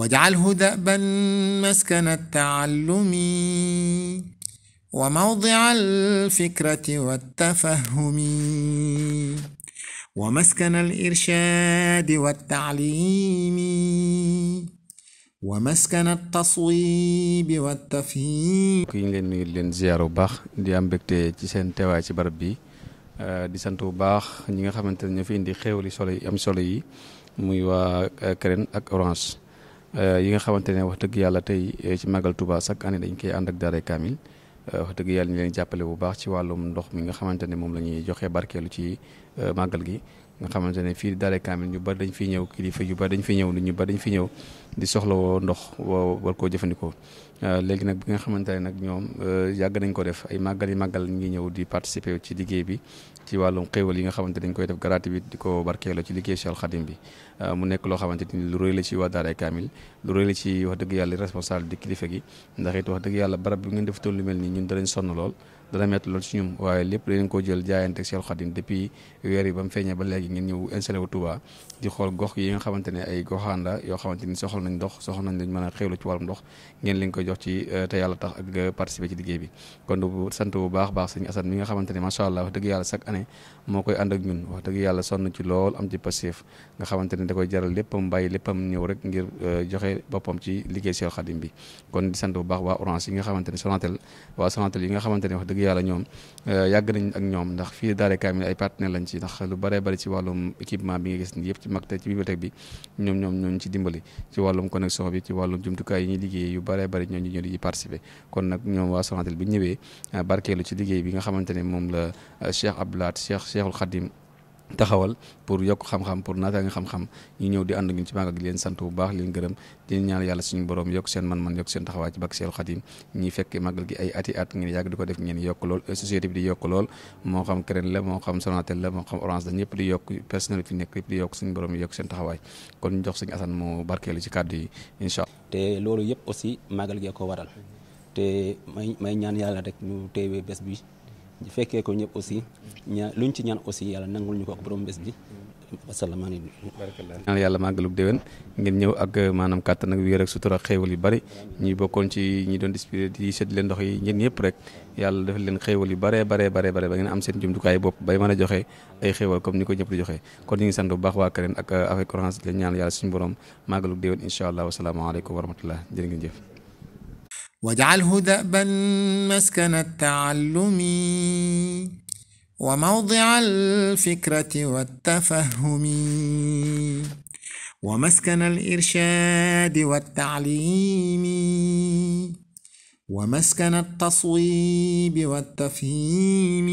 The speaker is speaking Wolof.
واجعله دأبا مسكن التعلم وموضع الفكرة والتفهم ومسكن الإرشاد والتعليم ومسكن التصويب والتفهيم ki ñu leen nuyu leen ziar bu baax di am mbégte ci seen teewaay ci barab bi euh, di sant bu baax ñi nga xamante ne ñoo fi indi xéewali solo yi am solo yi muy waa euh, Keren ak Orange Euh, yi nga xamante ne wax dëgg yàlla tey eh, ci màggal tubaa chaque année dañ koy ànd ak daaray kaamil euh, wax dëgg yàlla ñu leen jàppale bu baax ci wàllum ndox mi nga xamante ne moom la ñuy joxe barkeelu ci euh, màggal gi nga xamante ne fii daare kaamil ñu bari dañ fi ñëw kilifa yu bari dañ fi ñëw nit ñu bari dañ fi ñëw di soxla woo ndox woo war koo jëfandikoo euh, léegi nag bi nga xamante ne nag ñoom euh, yàgg nañ ko def ay màggal yi màggal ñu ñëw di participer ci liggéey bi ci wàllum xéewal yi nga xamante dañ koy def garaati bi di ko barkeeloo ci liggéey Cheikh Khadim bi euh, mu nekk loo xamante ni lu rëy la ci waa daare kaamil lu rëy la ci wax dëgg yàlla responsable di kilifa gi ndax it wax dëgg yàlla barab bi ngeen def toon lu mel nii ñun danañ sonn lool dana métti lool ci ñun waaye lépp dañ ko jël jaayante ak Seex Xaadim depuis weer yi feeñee ba léegi ngeen ñëw installé wu Touba di xool gox yi nga xamante ne la yoo xamante ni soxla nañ ndox soxla nañ lañ a xewlu ci wàllum ndox ngeen leen koy jox ci euh, te yàlla tax ak nga euh, participer ci liggéey bi kon bu sant bu baax baax allah wax dëgg yàlla chaque année moo koy ànd ak ñun wax dëgg yàlla sonn ci lool am ci passif nga xamante da koy jaral léppam bàyyi léppam ñëw rek ngir euh, joxe boppam ci liggéey Seex Xaadim bi kon di sant bu baax waa Orange yi nga xamante Sonatel waa Sonatel yi nga xamante ne wax dëgg yàlla ñoom euh, yàgg nañ ak ñoom ndax fii daare kaamil ay partenaire lañ ci ndax lu bëree bëri ci wàllum équipement bi nga gis ni yëpp ci mag te ci bibliothèque bi ñoom ñoom ñooñu ci dimbali ci wàllum connexion bi ci wàllum jumtukaay yi ñuy liggéey yu bëree bëri ñoo ñu ñoo di ci participer kon nag ñoom waa Sonatel bi ñëwee euh, barkeelu ci liggéey bi nga xamante ne moom la euh, Cheikh Abdoulaat Cheikh Cheikhul Khadim taxawal pour yokk xam-xam pour naata xam-xam ñu ñëw di ànd ngeen ci magal gi bu baax leen gërëm di ñaan yàlla suñu borom yokk seen man-man yokk seen taxawaay ci bak seelu xadim ñi fekk magal gi ay ati at ngeen yàgg di ko def ngeen yokk lool société bi di yokk lool moo xam Karen la moo xam Sonatel la moo xam waral te may ñaan yàlla rek ñu teewee bés bi ñu fekkee ko aussi ña luñ ci ñaan aussi yàlla nangul ñu ko ak borom bés bi asalaamaaleykum ñaan yàlla màggalug déwén ngeen ñëw ak euh, maanaam kàttan ak wéer ak sutura xéewal yu bari ñuy bokkoon ci ñi doon dispiré di sedd leen ndox yi ñeen ñëpp rek yàlla dafa leen xéewal yu baree baree baree bare ba ngeen am seen jumtukaay bopp bay mën a joxe ay xéewal comme ni ko ñëpp di joxe kon ñu ngi sant bu baax waa Kareen ak euh, Afrique Orange di ñaan yàlla suñu borom màggalug déwén incha allah wasalaamaaleykum wa rahmatullah jërë ngeen jëf واجعله دأبا مسكن التعلم وموضع الفكرة والتفهم ومسكن الإرشاد والتعليم ومسكن التصويب والتفهيم